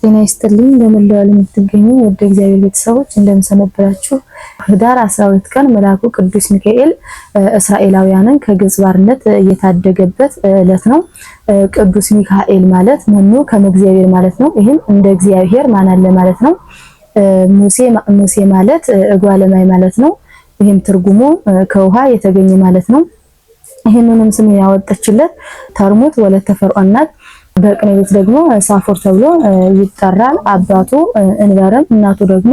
ጤና ይስጥልኝ በመላው ዓለም የምትገኙ ወደ እግዚአብሔር ቤተሰቦች እንደምሰነበራችሁ። ህዳር 12 ቀን መልአኩ ቅዱስ ሚካኤል እስራኤላውያንን ከግብጽ ባርነት እየታደገበት ዕለት ነው። ቅዱስ ሚካኤል ማለት መኑ ከመ እግዚአብሔር ማለት ነው። ይህም እንደ እግዚአብሔር ማን አለ ማለት ነው። ሙሴ ማለት እጓለ ማይ ማለት ነው። ይህም ትርጉሙ ከውሃ የተገኘ ማለት ነው። ይህንንም ስም ያወጣችለት ተርሙት ወለተ ፈርዖን ናት። በቅኔ ቤት ደግሞ ሳፎር ተብሎ ይጠራል። አባቱ እንበረም እናቱ ደግሞ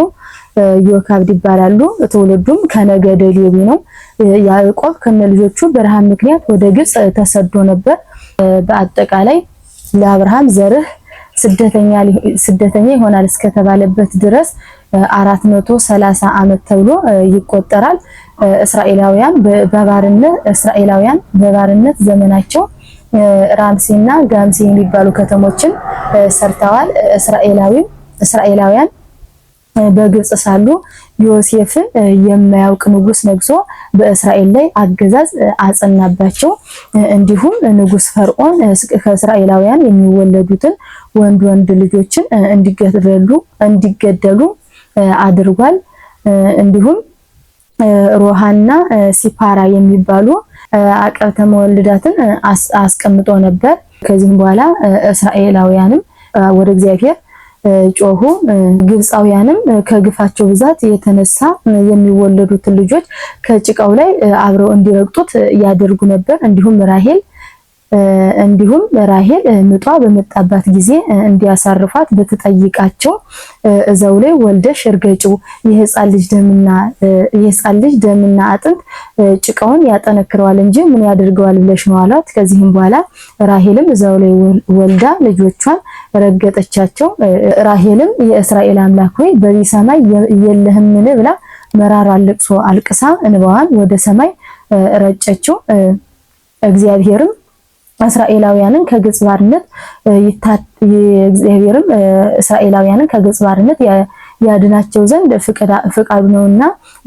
ዮካብድ ይባላሉ። ትውልዱም ከነገደ ሌዊ ነው። ያዕቆብ ከነ ልጆቹ በረሃብ ምክንያት ወደ ግብፅ ተሰዶ ነበር። በአጠቃላይ ለአብርሃም ዘርህ ስደተኛ ይሆናል እስከተባለበት ድረስ አራት መቶ ሰላሳ ዓመት ተብሎ ይቆጠራል። እስራኤላውያን በባርነት እስራኤላውያን በባርነት ዘመናቸው ራምሲ እና ጋምሴ የሚባሉ ከተሞችን ሰርተዋል። እስራኤላዊም እስራኤላውያን በግብጽ ሳሉ ዮሴፍን የማያውቅ ንጉስ ነግሶ በእስራኤል ላይ አገዛዝ አጸናባቸው። እንዲሁም ንጉስ ፈርዖን ከእስራኤላውያን የሚወለዱትን ወንድ ወንድ ልጆችን እንዲገደሉ እንዲገደሉ አድርጓል። እንዲሁም ሮሃና ሲፓራ የሚባሉ አቀብተ መወልዳትን አስቀምጦ ነበር። ከዚህም በኋላ እስራኤላውያንም ወደ እግዚአብሔር ጮሁ። ግብፃውያንም ከግፋቸው ብዛት የተነሳ የሚወለዱትን ልጆች ከጭቃው ላይ አብረው እንዲረግጡት ያደርጉ ነበር። እንዲሁም ራሄል እንዲሁም ራሄል ምጧ በመጣባት ጊዜ እንዲያሳርፋት ብትጠይቃቸው እዛው ላይ ወልደሽ እርገጭው የህፃን ልጅ ደምና የህፃን ልጅ ደምና አጥንት ጭቃውን ያጠነክረዋል እንጂ ምን ያደርገዋል ብለሽ ነው አሏት። ከዚህም በኋላ ራሄልም እዛው ላይ ወልዳ ልጆቿን ረገጠቻቸው። ራሄልም የእስራኤል አምላክ ሆይ በዚህ ሰማይ የለህምን ብላ መራራ ልቅሶ አልቅሳ እንባዋን ወደ ሰማይ ረጨችው። እግዚአብሔርም እስራኤላውያንን ከግብጽ ባርነት እግዚአብሔርም እስራኤላውያንን ከግብጽ ባርነት ያድናቸው ዘንድ ፍቃዱ ነውና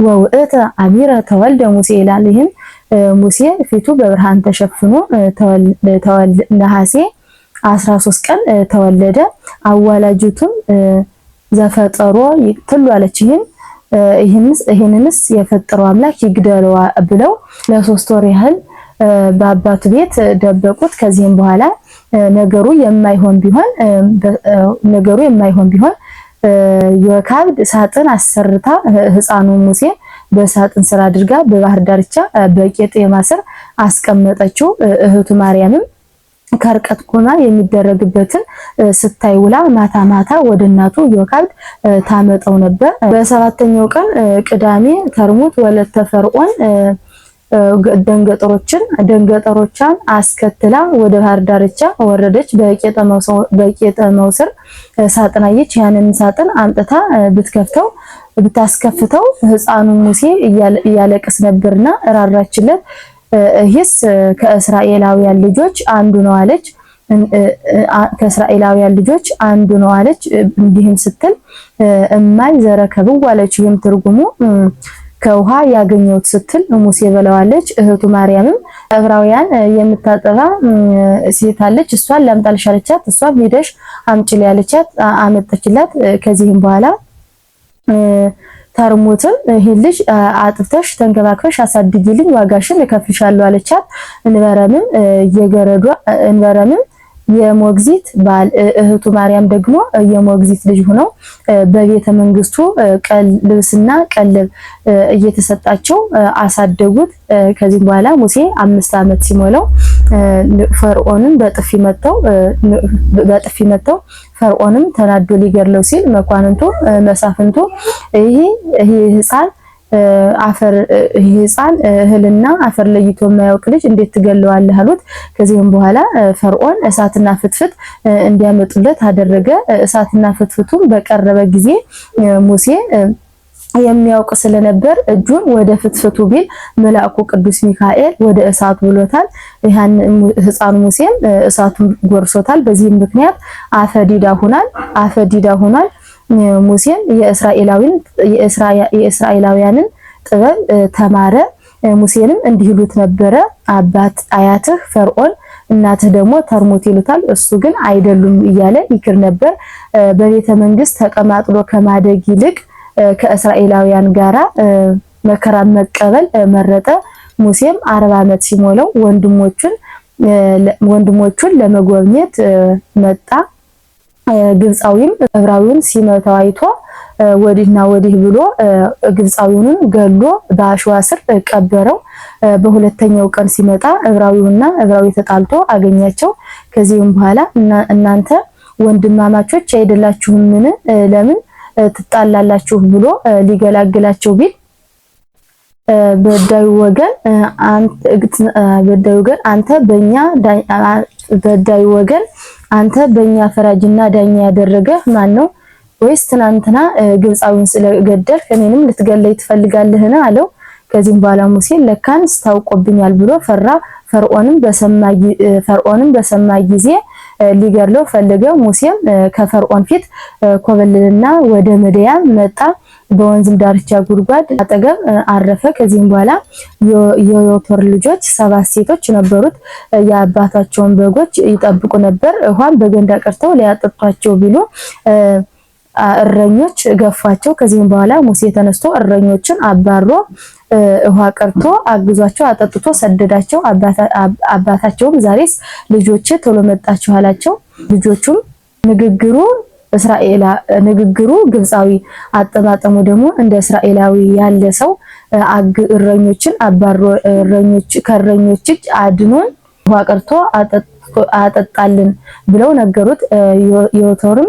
ወውእተ አሚረ ተወልደ ሙሴ ይላል። ይህም ሙሴ ፊቱ በብርሃን ተሸፍኖ ነሐሴ 13 ቀን ተወለደ። አዋላጅቱም ዘፈጠሮ ትሉ አለች። ይህም ይህንንስ የፈጠረው አምላክ ይግደለዋ ብለው ለሶስት ወር ያህል በአባቱ ቤት ደበቁት። ከዚህም በኋላ ነገሩ የማይሆን ቢሆን ነገሩ የማይሆን ቢሆን የካብድ ሳጥን አሰርታ ህፃኑ ሙሴ በሳጥን ስራ አድርጋ በባህር ዳርቻ በቄጤማ ስር አስቀመጠችው። እህቱ ማርያምም ከርቀት ቆማ የሚደረግበትን ስታይ ውላ ማታ ማታ ወደ እናቱ ዮካብድ ታመጠው ነበር። በሰባተኛው ቀን ቅዳሜ ተርሙት ወለተ ፈርዖን ደንገጠሮችን ደንገጠሮቿን አስከትላ ወደ ባህር ዳርቻ ወረደች። በቄጠመው ስር ሳጥን አየች። ያንን ሳጥን አምጥታ ብትከፍተው ብታስከፍተው ህፃኑ ሙሴ እያለቅስ ነበርና ራራችለት። ይህስ ከእስራኤላውያን ልጆች አንዱ ነው አለች። ከእስራኤላውያን ልጆች አንዱ ነው አለች። እንዲህም ስትል እማይ ዘረከብው አለች። ይህም ትርጉሙ ከውሃ ያገኘሁት ስትል ሙሴ በለዋለች። እህቱ ማርያምም እብራውያን የምታጠባ ሴት አለች፣ እሷን ላምጣልሽ አለቻት። እሷም ሄደሽ አምጪል ያለቻት አመጣችላት። ከዚህም በኋላ ተርሙትም ይሄን ልጅ አጥፍተሽ ተንከባክፈሽ አሳድጊልኝ፣ ዋጋሽን እከፍልሻለሁ አለቻት። እንበረምም የገረዷ እንበረምም የሞግዚት ባል እህቱ ማርያም ደግሞ የሞግዚት ልጅ ሆነው በቤተ መንግስቱ ልብስና ቀለብ እየተሰጣቸው አሳደጉት። ከዚህም በኋላ ሙሴ አምስት ዓመት ሲሞላው ፈርዖንም በጥፊ መተው በጥፊ መተው ፈርዖንም ተናዶ ሊገድለው ሲል መኳንንቱ መሳፍንቱ ይሄ ይሄ ህፃን አፈር ይህ ህፃን እህልና አፈር ለይቶ የማያውቅ ልጅ እንዴት ትገለዋለህ አሉት። ከዚህም በኋላ ፈርዖን እሳትና ፍትፍት እንዲያመጡለት አደረገ። እሳትና ፍትፍቱም በቀረበ ጊዜ ሙሴ የሚያውቅ ስለነበር እጁን ወደ ፍትፍቱ ቢል መልአኩ ቅዱስ ሚካኤል ወደ እሳቱ ብሎታል። ያን ህፃኑ ሙሴም እሳቱን ጎርሶታል። በዚህም ምክንያት አፈዲዳ ሆናል። አፈዲዳ ሆኗል። ሙሴን የእስራኤላውያንን ጥበብ ተማረ። ሙሴንም እንዲህ ይሉት ነበረ፣ አባት አያትህ ፈርዖን እናትህ ደግሞ ተርሙት ይሉታል፣ እሱ ግን አይደሉም እያለ ይክር ነበር። በቤተ መንግስት ተቀማጥሎ ከማደግ ይልቅ ከእስራኤላውያን ጋራ መከራን መቀበል መረጠ። ሙሴም አርባ ዓመት ሲሞላው ወንድሞቹን ወንድሞቹን ለመጎብኘት መጣ። ግብፃዊም ዕብራዊውን ሲመታው አይቶ ወዲህና ወዲህ ብሎ ግብፃዊውንም ገሎ በአሸዋ ስር ቀበረው። በሁለተኛው ቀን ሲመጣ ዕብራዊውና ዕብራዊ ተጣልቶ አገኛቸው። ከዚህም በኋላ እናንተ ወንድማማቾች አይደላችሁምን? ለምን ትጣላላችሁ? ብሎ ሊገላግላቸው ቢል በዳዩ ወገን በዳዩ ወገን አንተ በእኛ በዳዩ ወገን አንተ በእኛ ፈራጅና ዳኛ ያደረገ ማን ነው? ወይስ ትናንትና ግብፃዊን ስለገደል እኔንም ልትገለይ ትፈልጋለህን? አለው። ከዚህም በኋላ ሙሴ ለካን ስታውቆብኛል ብሎ ፈራ። ፈርዖንም በሰማ ጊዜ ሊገድለው ፈልገው ሙሴም ከፈርዖን ፊት ኮበልልና ወደ ምድያም መጣ። በወንዝም ዳርቻ ጉድጓድ አጠገብ አረፈ። ከዚህም በኋላ የዮቶር ልጆች ሰባት ሴቶች ነበሩት። የአባታቸውን በጎች ይጠብቁ ነበር። ውሃም በገንዳ ቀርተው ሊያጠጧቸው ቢሉ እረኞች ገፋቸው። ከዚህም በኋላ ሙሴ ተነስቶ እረኞችን አባሮ ውሃ ቀርቶ አግዟቸው አጠጥቶ ሰደዳቸው። አባታቸውም ዛሬስ ልጆች ቶሎ መጣችሁ አላቸው። ልጆቹም ንግግሩ እስራኤላ ንግግሩ ግብፃዊ አጠማጠሙ ደግሞ እንደ እስራኤላዊ ያለ ሰው አግ እረኞችን አባሮ እረኞች ከእረኞች እጅ አድኖን ውሃ ቀርቶ አጠጣልን ብለው ነገሩት። ዮቶርም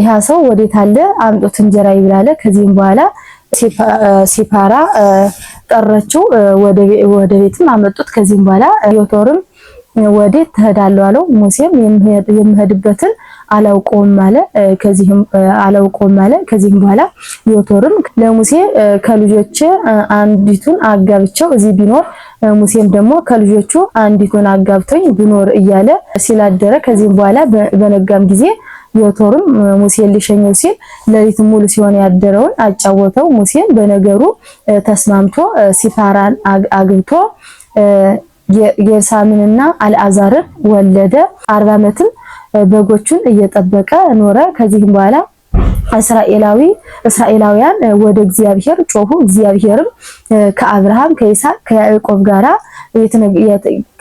ይህ ሰው ወዴት አለ አምጡት እንጀራ ይብላለ። ከዚህም በኋላ ሲፓራ ጠረችው፣ ወደ ቤትም አመጡት። ከዚህም በኋላ ዮቶርም ወዴት ትሄዳለህ አለው። ሙሴም የምሄድበትን አላውቀውም አለ። ከዚህም አላውቀውም አለ። ከዚህም በኋላ ዮቶርም ለሙሴ ከልጆች አንዲቱን አጋብቸው እዚህ ቢኖር ሙሴም ደግሞ ከልጆቹ አንዲቱን አጋብቶኝ ቢኖር እያለ ሲላደረ ከዚህም በኋላ በነጋም ጊዜ ዮቶርም ሙሴን ሊሸኘው ሲል ለሊት ሙሉ ሲሆን ያደረውን አጫወተው። ሙሴን በነገሩ ተስማምቶ ሲፋራን አግብቶ ጌርሳምንና አልአዛርን ወለደ። አርባ ዓመትም በጎቹን እየጠበቀ ኖረ። ከዚህም በኋላ እስራኤላዊ እስራኤላውያን ወደ እግዚአብሔር ጮሁ። እግዚአብሔርም ከአብርሃም ከይስሐቅ ከያዕቆብ ጋራ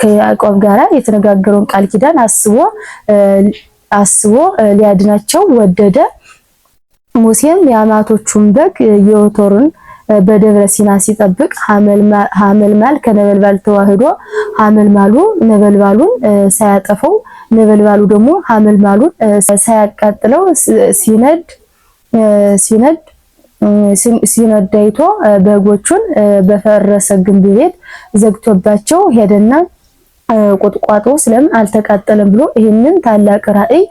ከያዕቆብ ጋራ የተነጋገረውን ቃል ኪዳን አስቦ አስቦ ሊያድናቸው ወደደ። ሙሴም የአማቶቹን በግ የወተሩን በደብረ ሲና ሲጠብቅ ማል ከነበልባል ተዋህዶ ማሉ ነበልባሉን ሳያጠፈው ነበልባሉ ደግሞ ማሉን ሳያቃጥለው ሲነድ ሲነድ ሲነዳይቶ በጎቹን በፈረሰ ግንብ ቤት ዘግቶባቸው ሄደና ቁጥቋጦ ስለምን አልተቃጠለም ብሎ ይህንን ታላቅ ራእይ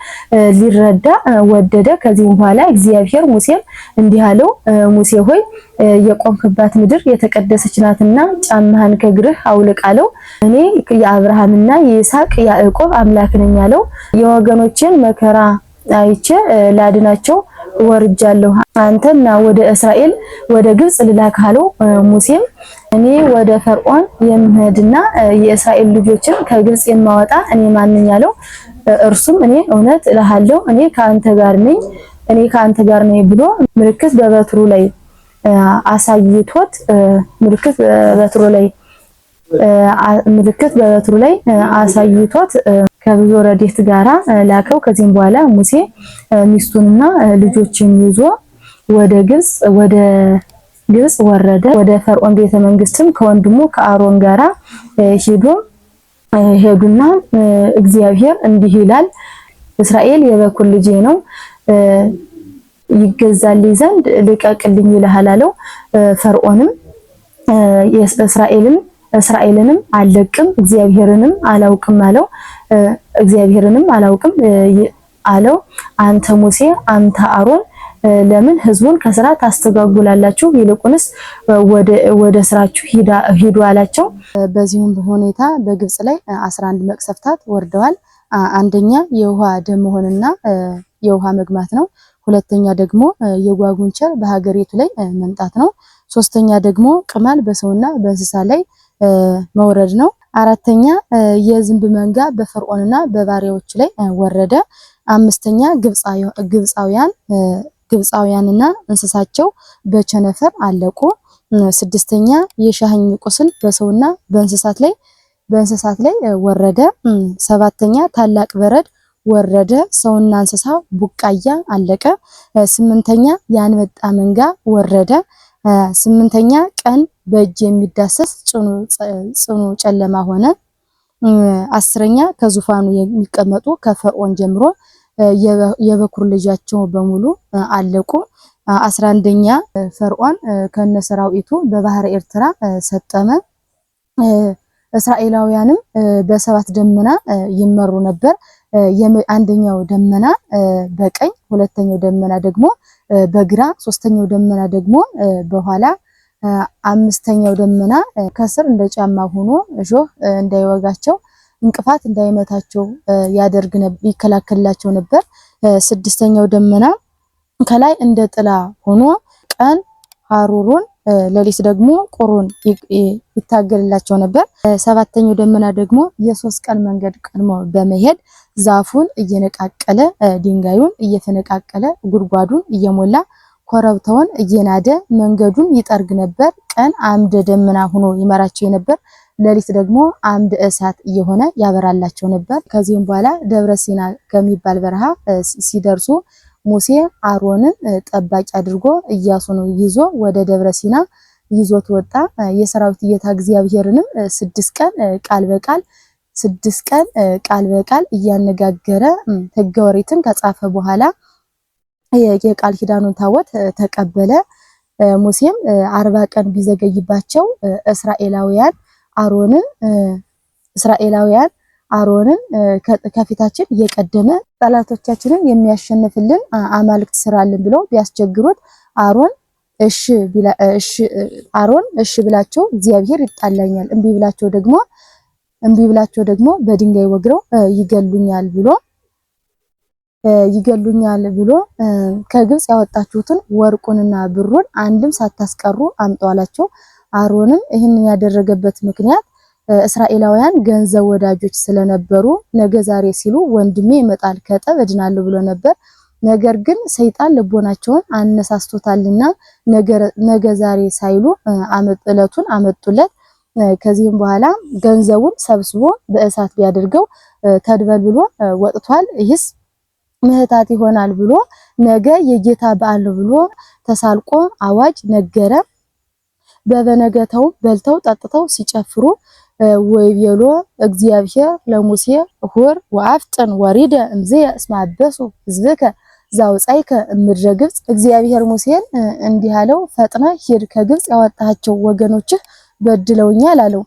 ሊረዳ ወደደ። ከዚህም በኋላ እግዚአብሔር ሙሴም እንዲህ አለው፣ ሙሴ ሆይ የቆምክባት ምድር የተቀደሰች ናትና ጫማህን ከእግርህ አውልቅ አለው። እኔ የአብርሃምና የይስሐቅ ያዕቆብ አምላክ ነኝ አለው። የወገኖችን መከራ አይቼ ላድናቸው ወርጃለሁ፣ አንተና ወደ እስራኤል ወደ ግብጽ ልላክ ሙሴም እኔ ወደ ፈርዖን የምሄድና የእስራኤል ልጆችን ከግብጽ የማወጣ እኔ ማንኝ አለው። እርሱም እኔ እውነት እልሃለሁ እኔ ከአንተ ጋር ነኝ እኔ ከአንተ ጋር ነኝ ብሎ ምልክት በበትሩ ላይ አሳይቶት ምልክት በበትሩ ላይ ምልክት በበትሩ ላይ አሳይቷት ከብዙ ረድኤት ጋራ ላከው። ከዚህም በኋላ ሙሴ ሚስቱንና ልጆችን ይዞ ወደ ግብጽ ወደ ግብጽ ወረደ። ወደ ፈርዖን ቤተ መንግስትም ከወንድሙ ከአሮን ጋራ ሄዱ ሄዱና እግዚአብሔር እንዲህ ይላል እስራኤል የበኩር ልጄ ነው ይገዛልኝ ዘንድ ልቀቅልኝ ይልሃል አለው። ፈርዖንም እስራኤልም እስራኤልንም አልለቅም እግዚአብሔርንም አላውቅም አለው። እግዚአብሔርንም አላውቅም አለው። አንተ ሙሴ አንተ አሮን ለምን ህዝቡን ከስራ ታስተጓጉላላችሁ? ይልቁንስ ወደ ስራችሁ ሂዱ አላቸው። በዚሁም ሁኔታ በግብጽ ላይ 11 መቅሰፍታት ወርደዋል። አንደኛ የውሃ ደም መሆንና የውሃ መግማት ነው። ሁለተኛ ደግሞ የጓጉንቸር በሀገሪቱ ላይ መምጣት ነው። ሶስተኛ ደግሞ ቅማል በሰውና በእንስሳ ላይ መውረድ ነው። አራተኛ የዝንብ መንጋ በፈርዖንና በባሪያዎች ላይ ወረደ። አምስተኛ ግብፃውያን ግብፃውያንና እንስሳቸው በቸነፈር አለቁ። ስድስተኛ የሻህኝ ቁስል በሰውና በእንስሳት ላይ በእንስሳት ላይ ወረደ። ሰባተኛ ታላቅ በረድ ወረደ። ሰውና እንስሳ ቡቃያ አለቀ። ስምንተኛ የአንበጣ መንጋ ወረደ። ስምንተኛ ቀን በእጅ የሚዳሰስ ጽኑ ጨለማ ሆነ። አስረኛ ከዙፋኑ የሚቀመጡ ከፈርዖን ጀምሮ የበኩር ልጃቸው በሙሉ አለቁ። አስራ አንደኛ ፈርዖን ከነሰራዊቱ በባህረ ኤርትራ ሰጠመ። እስራኤላውያንም በሰባት ደመና ይመሩ ነበር። አንደኛው ደመና በቀኝ፣ ሁለተኛው ደመና ደግሞ በግራ፣ ሶስተኛው ደመና ደግሞ በኋላ አምስተኛው ደመና ከስር እንደ ጫማ ሆኖ እሾህ እንዳይወጋቸው እንቅፋት እንዳይመታቸው ያደርግ ይከላከልላቸው ነበር። ስድስተኛው ደመና ከላይ እንደ ጥላ ሆኖ ቀን ሐሩሩን ሌሊት ደግሞ ቁሩን ይታገልላቸው ነበር። ሰባተኛው ደመና ደግሞ የሶስት ቀን መንገድ ቀድሞ በመሄድ ዛፉን እየነቃቀለ ድንጋዩን እየተነቃቀለ ጉድጓዱን እየሞላ ኮረብታውን እየናደ መንገዱን ይጠርግ ነበር። ቀን አምደ ደመና ሆኖ ይመራቸው ነበር። ሌሊት ደግሞ አምደ እሳት እየሆነ ያበራላቸው ነበር። ከዚህም በኋላ ደብረ ሲና ከሚባል በረሃ ሲደርሱ ሙሴ አሮንን ጠባቂ አድርጎ እያሱን ይዞ ወደ ደብረ ሲና ይዞት ወጣ። የሰራዊት ጌታ እግዚአብሔርንም ስድስት ቀን ቃል በቃል ስድስት ቀን ቃል በቃል እያነጋገረ ሕገ ኦሪትን ከጻፈ በኋላ የቃል ኪዳኑን ታቦት ተቀበለ። ሙሴም አርባ ቀን ቢዘገይባቸው እስራኤላውያን አሮንን እስራኤላውያን አሮንን ከፊታችን እየቀደመ ጠላቶቻችንን የሚያሸንፍልን አማልክት ስራልን ብሎ ቢያስቸግሩት አሮን እሺ አሮን እሺ ብላቸው እግዚአብሔር ይጣላኛል፣ እምቢ ብላቸው ደግሞ እምቢ ብላቸው ደግሞ በድንጋይ ወግረው ይገሉኛል ብሎ ይገሉኛል ብሎ ከግብጽ ያወጣችሁትን ወርቁንና ብሩን አንድም ሳታስቀሩ አምጧላቸው አሮንም ይህንን ያደረገበት ምክንያት እስራኤላውያን ገንዘብ ወዳጆች ስለነበሩ ነገ ዛሬ ሲሉ ወንድሜ ይመጣል ከጠብ እድናለሁ ብሎ ነበር። ነገር ግን ሰይጣን ልቦናቸውን አነሳስቶታልና ነገ ዛሬ ሳይሉ እለቱን አመጡለት። ከዚህም በኋላ ገንዘቡን ሰብስቦ በእሳት ቢያደርገው ብሎ ወጥቷል። ይህስ ምህታት ይሆናል ብሎ ነገ የጌታ በዓል ብሎ ተሳልቆ አዋጅ ነገረ። በበነገተው በልተው ጠጥተው ሲጨፍሩ ወይቤሎ እግዚአብሔር ለሙሴ ሁር ወአፍጥን ወሪደ እምዝየ እስመ አበሱ ሕዝብከ ዘአውጻእከ እምድረ ግብፅ። እግዚአብሔር ሙሴን እንዲህ አለው፣ ፈጥነ ሂድ ከግብፅ ያወጣቸው ወገኖችህ በድለውኛል አለው።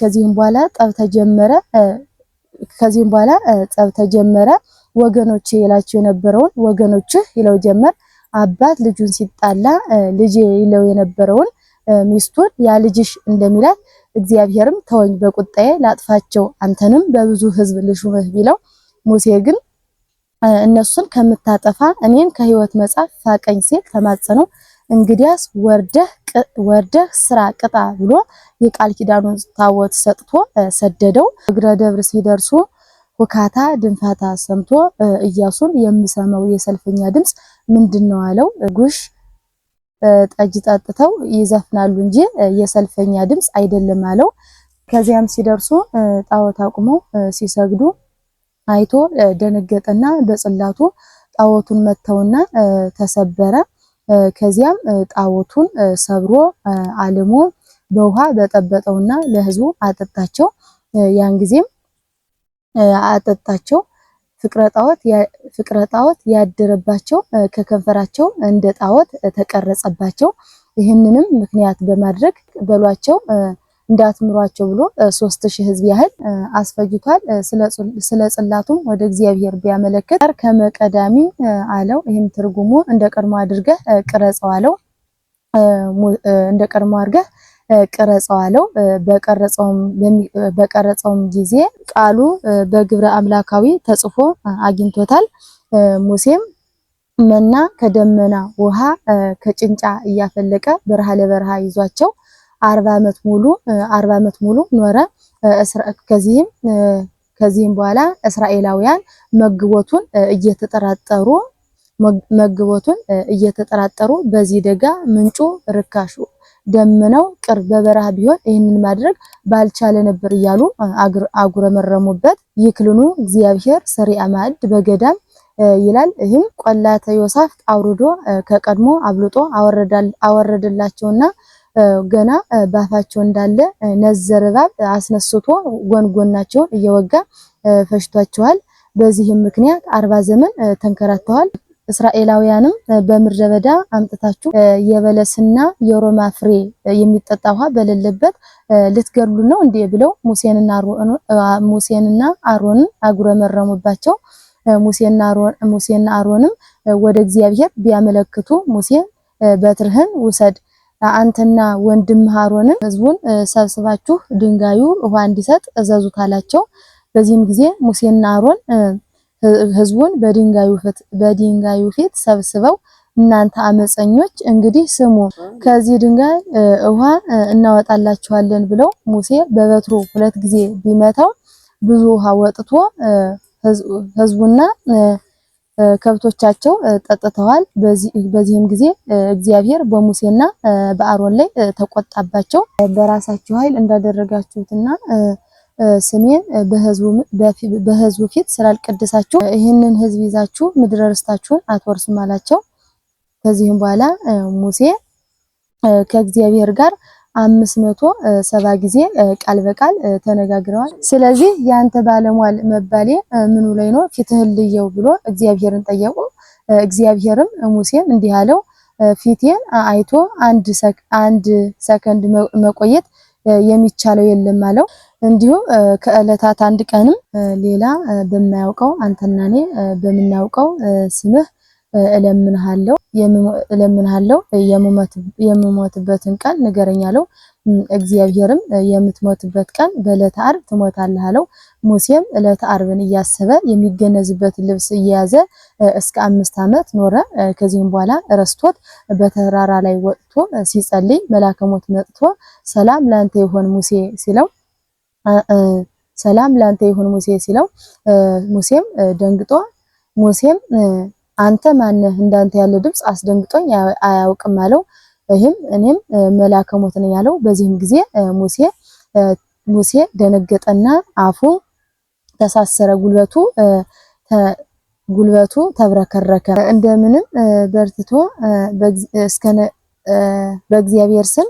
ከዚህም በኋላ ጠብ ተጀመረ። ከዚህም በኋላ ጠብ ተጀመረ። ወገኖች ይላቸው የነበረውን ወገኖች ይለው ጀመር። አባት ልጁን ሲጣላ ልጅ ይለው የነበረውን ሚስቱን ያ ልጅሽ እንደሚላት እግዚአብሔርም ተወኝ በቁጣዬ ላጥፋቸው አንተንም በብዙ ሕዝብ ልሹምህ ቢለው ሙሴ ግን እነሱን ከምታጠፋ እኔን ከህይወት መጽሐፍ ፋቀኝ ሲል ተማጸነው። እንግዲያስ ወርደህ ወርደህ ስራ ቅጣ ብሎ የቃል ኪዳኑን ታቦት ሰጥቶ ሰደደው። እግረ ደብር ሲደርሱ ሁካታ ድንፋታ ሰምቶ እያሱን የምሰማው የሰልፈኛ ድምፅ ምንድን ነው አለው። ጉሽ ጠጅ ጠጥተው ይዘፍናሉ እንጂ የሰልፈኛ ድምፅ አይደለም አለው። ከዚያም ሲደርሱ ጣዖት አቁመው ሲሰግዱ አይቶ ደነገጠና በጽላቱ ጣዖቱን መተውና ተሰበረ። ከዚያም ጣዖቱን ሰብሮ አልሞ በውሃ በጠበጠውና ለሕዝቡ አጠጣቸው። ያን ጊዜም አጠጣቸው። ፍቅረ ጣዖት ያደረባቸው ከከንፈራቸው እንደ ጣዖት ተቀረጸባቸው። ይህንንም ምክንያት በማድረግ በሏቸው እንዳትምሯቸው ብሎ ሶስት ሺህ ህዝብ ያህል አስፈጅቷል። ስለ ጽላቱም ወደ እግዚአብሔር ቢያመለክት ከመቀዳሚ አለው። ይህም ትርጉሙ እንደ ቀድሞ አድርገህ ቅረጸው አለው። እንደ ቀድሞ አድርገህ ቀረጸው አለው። በቀረጸውም ጊዜ ቃሉ በግብረ አምላካዊ ተጽፎ አግኝቶታል። ሙሴም መና ከደመና ውሃ ከጭንጫ እያፈለቀ በረሃ ለበረሃ ይዟቸው አርባ ዓመት ሙሉ አርባ ዓመት ሙሉ ኖረ። ከዚህም ከዚህም በኋላ እስራኤላውያን መግቦቱን እየተጠራጠሩ መግቦቱን እየተጠራጠሩ በዚህ ደጋ ምንጩ ርካሹ ደምነው ቅርብ በበረሃ ቢሆን ይህንን ማድረግ ባልቻለ ነበር እያሉ አጉረመረሙበት። ይክልኑ እግዚአብሔር ሰሪአ ማዕድ በገዳም ይላል። ይህም ቆላተ ዮሳፍጥ አውርዶ ከቀድሞ አብልጦ አወረደላቸውና ገና ባፋቸው እንዳለ ነዘር እባብ አስነስቶ ጎንጎናቸውን እየወጋ ፈሽቷቸዋል። በዚህም ምክንያት አርባ ዘመን ተንከራተዋል። እስራኤላውያንም በምድረ በዳ አምጥታችሁ የበለስና የሮማ ፍሬ የሚጠጣ ውሃ በሌለበት ልትገሉ ነው እንዴ ብለው ሙሴንና አሮንን አጉረመረሙባቸው። ሙሴና አሮንም ወደ እግዚአብሔር ቢያመለክቱ ሙሴ በትርህን ውሰድ አንተና ወንድም አሮንን ህዝቡን ሰብስባችሁ ድንጋዩ ውሃ እንዲሰጥ እዘዙት አላቸው። በዚህም ጊዜ ሙሴና አሮን ህዝቡን በድንጋዩ ፊት ሰብስበው እናንተ አመፀኞች እንግዲህ ስሙ፣ ከዚህ ድንጋይ ውሃ እናወጣላችኋለን ብለው ሙሴ በበትሩ ሁለት ጊዜ ቢመታው ብዙ ውሃ ወጥቶ ህዝቡና ከብቶቻቸው ጠጥተዋል። በዚህም ጊዜ እግዚአብሔር በሙሴና በአሮን ላይ ተቆጣባቸው። በራሳችሁ ኃይል እንዳደረጋችሁትና ስሜን በህዝቡ ፊት ስላልቀደሳችሁ ይህንን ህዝብ ይዛችሁ ምድረ ርስታችሁን አትወርስም አላቸው። ከዚህም በኋላ ሙሴ ከእግዚአብሔር ጋር አምስት መቶ ሰባ ጊዜ ቃል በቃል ተነጋግረዋል። ስለዚህ ያንተ ባለሟል መባሌ ምኑ ላይ ነው? ፊትህን ልየው ብሎ እግዚአብሔርን ጠየቁ። እግዚአብሔርም ሙሴን እንዲህ አለው፣ ፊቴን አይቶ አንድ ሰከንድ መቆየት የሚቻለው የለም አለው። እንዲሁም ከእለታት አንድ ቀንም ሌላ በማያውቀው አንተና እኔ በምናውቀው ስምህ እለምንሃለው የምሞትበትን ቀን ንገረኝ አለው። እግዚአብሔርም የምትሞትበት ቀን በዕለተ ዓርብ ትሞታለህ አለው። ሙሴም ዕለተ ዓርብን እያሰበ የሚገነዝበት ልብስ እየያዘ እስከ አምስት ዓመት ኖረ። ከዚህም በኋላ ረስቶት በተራራ ላይ ወጥቶ ሲጸልይ መልአከ ሞት መጥቶ ሰላም ላንተ የሆን ሙሴ ሲለው ሰላም ለአንተ ይሁን ሙሴ ሲለው ሙሴም ደንግጦ ሙሴም አንተ ማነህ? እንዳንተ ያለ ድምፅ አስደንግጦኝ አያውቅም አለው። ይህም እኔም መልአከ ሞት ነኝ አለው። በዚህም ጊዜ ሙሴ ሙሴ ደነገጠና አፉ ተሳሰረ፣ ጉልበቱ ጉልበቱ ተብረከረከ። እንደምንም በርትቶ በእግዚአብሔር ስም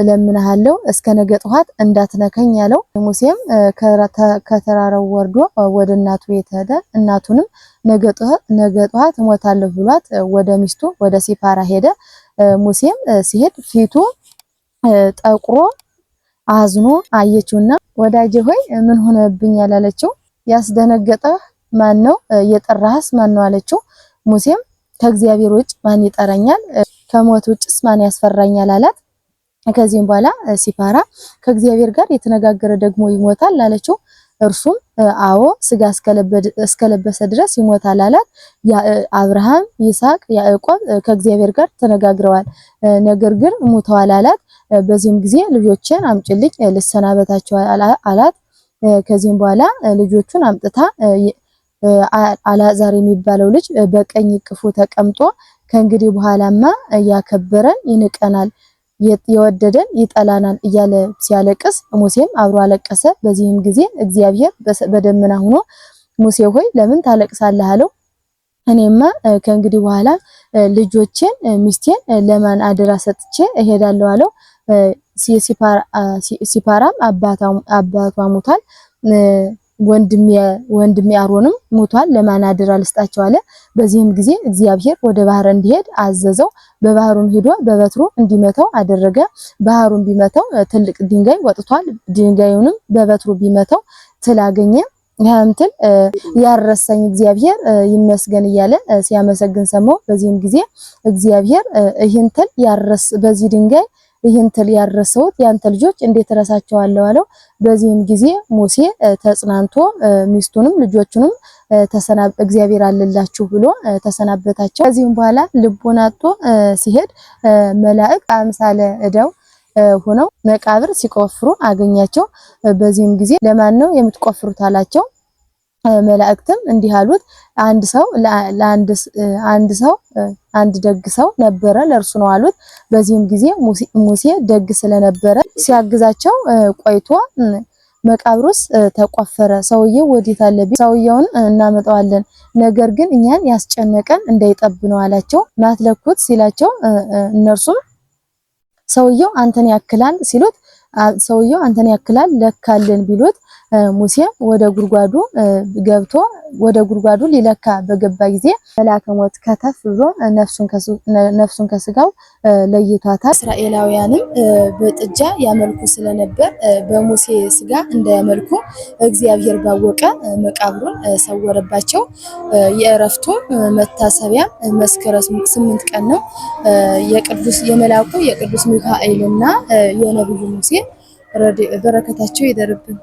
እለምንሃለሁ እስከ ነገ ጠዋት እንዳትነከኝ ያለው። ሙሴም ከተራራው ወርዶ ወደ እናቱ ቤት ሄደ። እናቱንም ነገ ጠዋት እሞታለሁ ብሏት ወደ ሚስቱ ወደ ሲፓራ ሄደ። ሙሴም ሲሄድ ፊቱ ጠቁሮ አዝኖ አየችውና ወዳጄ ሆይ ምን ሆነብኛል? አለችው። ያስደነገጠህ ማን ነው? የጠራህስ ማን ነው? አለችው። ሙሴም ከእግዚአብሔር ውጭ ማን ይጠራኛል? ከሞት ውጭስ ማን ያስፈራኛል? አላት። ከዚህም በኋላ ሲፈራ ከእግዚአብሔር ጋር የተነጋገረ ደግሞ ይሞታል አለችው። እርሱም አዎ ስጋ እስከለበሰ ድረስ ይሞታል አላት። አብርሃም፣ ይስሐቅ፣ ያዕቆብ ከእግዚአብሔር ጋር ተነጋግረዋል፣ ነገር ግን ሙተዋል አላት። በዚህም ጊዜ ልጆችን አምጭልኝ ልሰናበታቸው አላት። ከዚህም በኋላ ልጆቹን አምጥታ አላዛር የሚባለው ልጅ በቀኝ ቅፉ ተቀምጦ ከእንግዲህ በኋላማ ያከበረን ይንቀናል የወደደን ይጠላናል እያለ ሲያለቅስ ሙሴም አብሮ አለቀሰ። በዚህም ጊዜ እግዚአብሔር በደመና ሆኖ ሙሴ ሆይ ለምን ታለቅሳለህ? አለው። እኔማ ከእንግዲህ በኋላ ልጆቼን፣ ሚስቴን ለማን አደራ ሰጥቼ እሄዳለሁ? አለው። ሲፓራም አባቷ ሙቷል። ወንድሜ አሮንም ሞቷል፣ ለማን አደራ ልስጣቸው አለ። በዚህም ጊዜ እግዚአብሔር ወደ ባህር እንዲሄድ አዘዘው። በባህሩም ሄዶ በበትሩ እንዲመተው አደረገ። ባህሩን ቢመተው ትልቅ ድንጋይ ወጥቷል። ድንጋዩንም በበትሩ ቢመተው ትል አገኘ። ይህም ትል ያረሳኝ እግዚአብሔር ይመስገን እያለ ሲያመሰግን ሰማው። በዚህም ጊዜ እግዚአብሔር ይህን ትል ያረስ በዚህ ድንጋይ ይህን ትል ያረሰውት ያንተ ልጆች እንዴት ረሳቸዋለሁ አለው። በዚህም ጊዜ ሙሴ ተጽናንቶ ሚስቱንም ልጆቹንም እግዚአብሔር አለላችሁ ብሎ ተሰናበታቸው። ከዚህም በኋላ ልቡን አጥቶ ሲሄድ መላእክ አምሳለ እደው ሆነው መቃብር ሲቆፍሩ አገኛቸው። በዚህም ጊዜ ለማን ነው የምትቆፍሩት አላቸው። መላእክትም እንዲህ አሉት አንድ ሰው ለአንድ ሰው አንድ ደግ ሰው ነበረ፣ ለእርሱ ነው አሉት። በዚህም ጊዜ ሙሴ ደግ ስለነበረ ሲያግዛቸው ቆይቶ መቃብሩስ ተቆፈረ። ሰውየው ወዴት አለ? ሰውየውን እናመጣዋለን፣ ነገር ግን እኛን ያስጨነቀን እንዳይጠብ ነው አላቸው። ናትለኩት ሲላቸው እነርሱም ሰውየው አንተን ያክላል ሲሉት ሰውየው አንተን ያክላል ለካልን ቢሉት ሙሴ ወደ ጉድጓዱ ገብቶ ወደ ጉድጓዱ ሊለካ በገባ ጊዜ መልአከ ሞት ከተፍ ብሎ ነፍሱን ከስጋው ለይቷታል። እስራኤላውያንም በጥጃ ያመልኩ ስለነበር በሙሴ ስጋ እንዳያመልኩ እግዚአብሔር ባወቀ መቃብሩን ሰወረባቸው። የእረፍቱ መታሰቢያ መስከረም ስምንት ቀን ነው። የቅዱስ የመልአኩ የቅዱስ ሚካኤልና የነብዩ ሙሴ በረከታቸው ይደርብን።